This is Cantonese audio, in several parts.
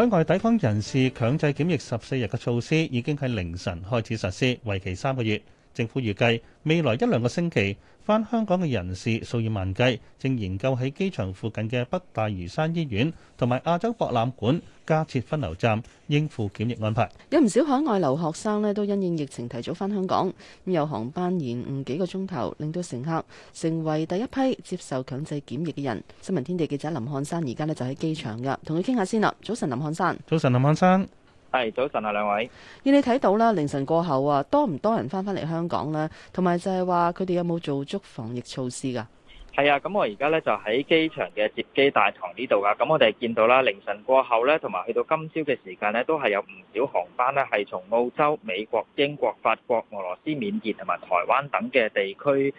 海外抵港人士強制檢疫十四日嘅措施已經喺凌晨開始實施，為期三個月。政府預計未來一兩個星期返香港嘅人士數以萬計，正研究喺機場附近嘅北大嶼山醫院同埋亞洲博覽館加設分流站，應付檢疫安排。有唔少海外留學生呢都因應疫情提早返香港，有航班延誤幾個鐘頭，令到乘客成為第一批接受強制檢疫嘅人。新聞天地記者林漢山而家呢就喺機場㗎，同佢傾下先啦。早晨，林漢山。早晨，林漢山。係早晨啊，兩位，要你睇到啦，凌晨過後啊，多唔多人翻返嚟香港咧？同埋就係話佢哋有冇做足防疫措施噶？係啊，咁我而家咧就喺機場嘅接機大堂呢度噶。咁我哋見到啦，凌晨過後咧，同埋去到今朝嘅時間咧，都係有唔少航班呢，係從澳洲、美國、英國、法國、俄羅斯、緬甸同埋台灣等嘅地區誒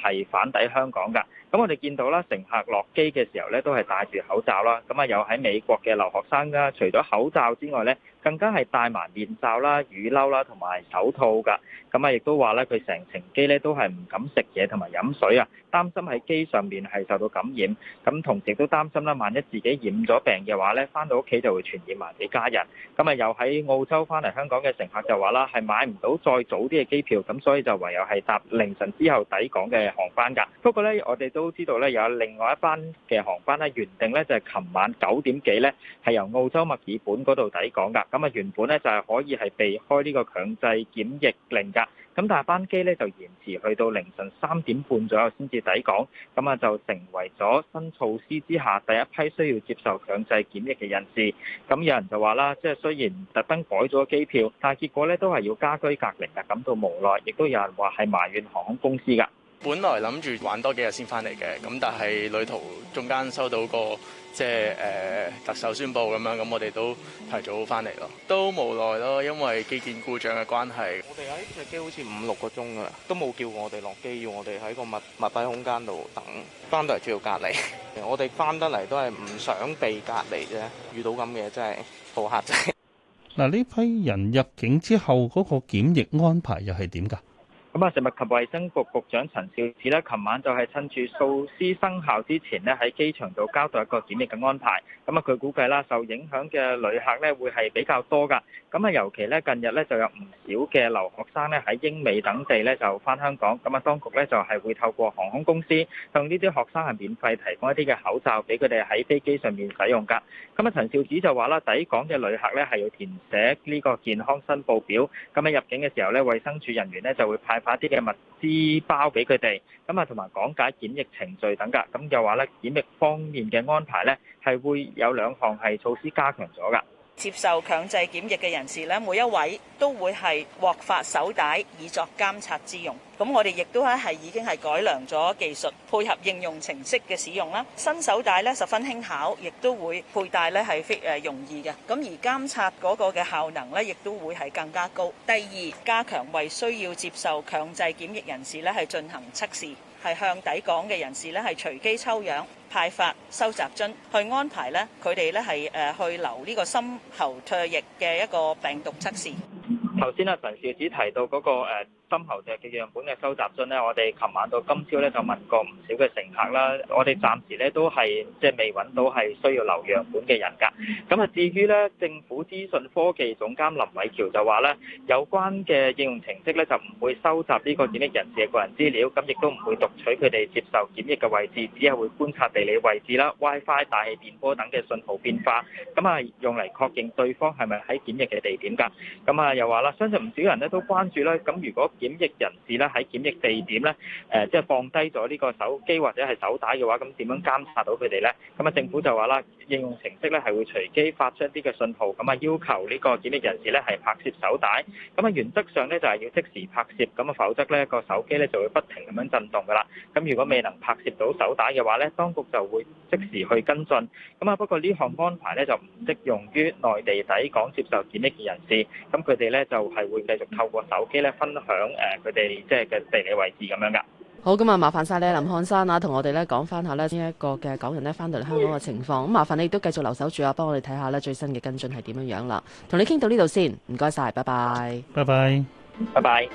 係、呃、返抵香港噶。咁我哋見到啦，乘客落機嘅時候咧都係戴住口罩啦。咁啊，有喺美國嘅留學生啦，除咗口罩之外咧。更加係戴埋面罩啦、雨褸啦同埋手套噶。咁啊，亦都話咧，佢成程機咧都係唔敢食嘢同埋飲水啊，擔心喺機上面係受到感染。咁同時亦都擔心啦，萬一自己染咗病嘅話咧，翻到屋企就會傳染埋俾家人。咁啊，又喺澳洲翻嚟香港嘅乘客就話啦，係買唔到再早啲嘅機票，咁所以就唯有係搭凌晨之後抵港嘅航班㗎。不過咧，我哋都知道咧，有另外一班嘅航班咧，原定咧就係琴晚九點幾咧，係由澳洲墨爾本嗰度抵港㗎。咁啊原本咧就係可以係避開呢個強制檢疫令噶。咁但係班機咧就延遲去到凌晨三點半左右先至抵港，咁啊就成為咗新措施之下第一批需要接受強制檢疫嘅人士。咁有人就話啦，即係雖然特登改咗機票，但係結果咧都係要家居隔離啊，感到無奈。亦都有人話係埋怨航空公司噶。本來諗住玩多幾日先翻嚟嘅，咁但係旅途中間收到個即係誒、呃、特首宣布咁樣，咁、嗯、我哋都提早翻嚟咯。都無奈咯，因為機件故障嘅關係。我哋喺隻機好似五六個鐘噶啦，都冇叫我哋落機，要我哋喺個密密閉空間度等翻到嚟主要隔離。 我哋翻得嚟都係唔想被隔離啫，遇到咁嘅真係好客仔。嗱，呢批人入境之後嗰、那個檢疫安排又係點噶？咁啊，食物及衞生局局長陳肇始咧，琴晚就係趁住措施生效之前呢，喺機場度交代一個檢疫嘅安排。咁啊，佢估計啦，受影響嘅旅客呢會係比較多噶。咁啊，尤其呢，近日呢就有唔少嘅留學生呢喺英美等地呢就返香港。咁啊，當局呢就係、是、會透過航空公司向呢啲學生係免費提供一啲嘅口罩俾佢哋喺飛機上面使用噶。咁啊，陳肇始就話啦，抵港嘅旅客呢係要填寫呢個健康申報表。咁啊，入境嘅時候呢，衞生署人員呢就會派把啲嘅物資包俾佢哋，咁啊同埋講解檢疫程序等噶，咁又話咧，檢疫方面嘅安排咧，係會有兩項係措施加強咗噶。接受強制檢疫嘅人士呢，每一位都會係獲發手帶以作監察之用。咁我哋亦都係已經係改良咗技術，配合應用程式嘅使用啦。新手帶呢十分輕巧，亦都會佩戴呢係誒容易嘅。咁而監察嗰個嘅效能呢，亦都會係更加高。第二，加強為需要接受強制檢疫人士呢係進行測試。係向抵港嘅人士咧，係隨機抽樣派發收集樽，去安排咧佢哋咧係誒去留呢個深喉唾液嘅一個病毒測試。頭先啊，陳小姐提到嗰個誒。深喉嘅嘅樣本嘅收集上呢，我哋琴晚到今朝咧就問過唔少嘅乘客啦。我哋暫時咧都係即係未揾到係需要留樣本嘅人㗎。咁啊，至於咧政府資訊科技總監林偉喬就話咧，有關嘅應用程式咧就唔會收集呢個檢疫人士嘅個人資料，咁亦都唔會讀取佢哋接受檢疫嘅位置，只係會觀察地理位置啦、WiFi、Fi，大氣電波等嘅信號變化，咁啊用嚟確認對方係咪喺檢疫嘅地點㗎。咁啊又話啦，相信唔少人咧都關注啦。咁如果檢疫人士咧喺檢疫地點咧，誒即係放低咗呢個手機或者係手帶嘅話，咁點樣監察到佢哋咧？咁啊，政府就話啦。應用程式咧係會隨機發出一啲嘅信號，咁啊要求呢個檢疫人士咧係拍攝手帶，咁啊原則上咧就係要即時拍攝，咁啊否則咧個手機咧就會不停咁樣震動㗎喇，咁如果未能拍攝到手帶嘅話咧，當局就會即時去跟進，咁啊不過呢項安排咧就唔適用於內地抵港接受檢疫嘅人士，咁佢哋咧就係會繼續透過手機咧分享誒佢哋即係嘅地理位置咁樣㗎。好，咁啊，麻煩晒你林漢山啊，同我哋咧講翻下咧呢一個嘅港人咧翻到嚟香港嘅情況。咁麻煩你亦都繼續留守住啊，幫我哋睇下呢最新嘅跟進係點樣樣啦。同你傾到呢度先，唔該晒，拜拜，拜拜，拜拜。